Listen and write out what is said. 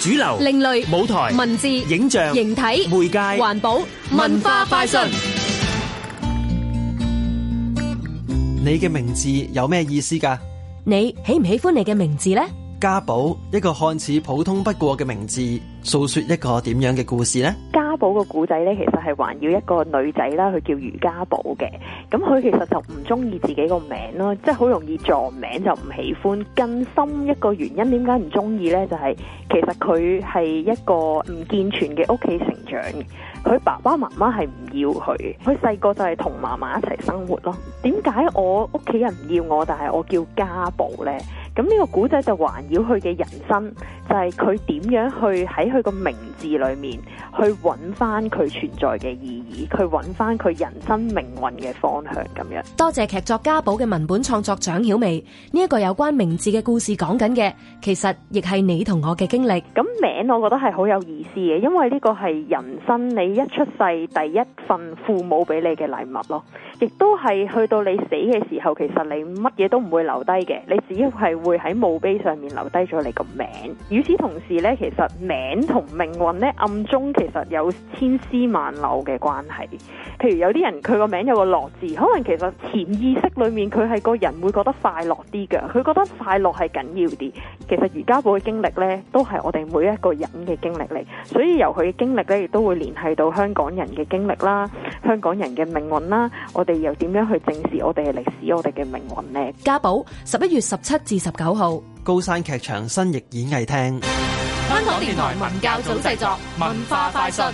主流、另類、舞台、文字、影像、形體、媒介、環保、文化快訊。你嘅名字有咩意思㗎？你喜唔喜歡你嘅名字呢？家寶，一個看似普通不過嘅名字。訴說一個點樣嘅故事呢？家寶個古仔呢，其實係環繞一個女仔啦，佢叫余家寶嘅。咁佢其實就唔中意自己個名咯，即係好容易撞名就唔喜歡。更深一個原因，點解唔中意呢？就係其實佢係一個唔健全嘅屋企成長嘅，佢爸爸媽媽係唔要佢，佢細個就係同媽媽一齊生活咯。點解我屋企人唔要我，但係我叫家寶呢？咁呢個古仔就環繞佢嘅人生，就係佢點樣去喺。去個名字裏面去揾翻佢存在嘅意義，去揾翻佢人生命運嘅方向咁樣。多謝劇作家寶嘅文本創作蔣曉薇，呢一個有關名字嘅故事講緊嘅，其實亦係你同我嘅經歷。咁名我覺得係好有意思嘅，因為呢個係人生你一出世第一份父母俾你嘅禮物咯，亦都係去到你死嘅時候，其實你乜嘢都唔會留低嘅，你只要係會喺墓碑上面留低咗你個名。與此同時呢，其實名。同命運咧暗中其實有千絲萬縷嘅關係，譬如有啲人佢個名有個樂字，可能其實潛意識裏面佢係個人會覺得快樂啲嘅，佢覺得快樂係緊要啲。其實余家寶嘅經歷咧，都係我哋每一個人嘅經歷嚟，所以由佢嘅經歷咧，亦都會聯繫到香港人嘅經歷啦、香港人嘅命運啦。我哋又點樣去正視我哋嘅歷史、我哋嘅命運呢？家寶十一月十七至十九號。高山劇場新翼演藝廳。香港電台文教組製作文化快訊。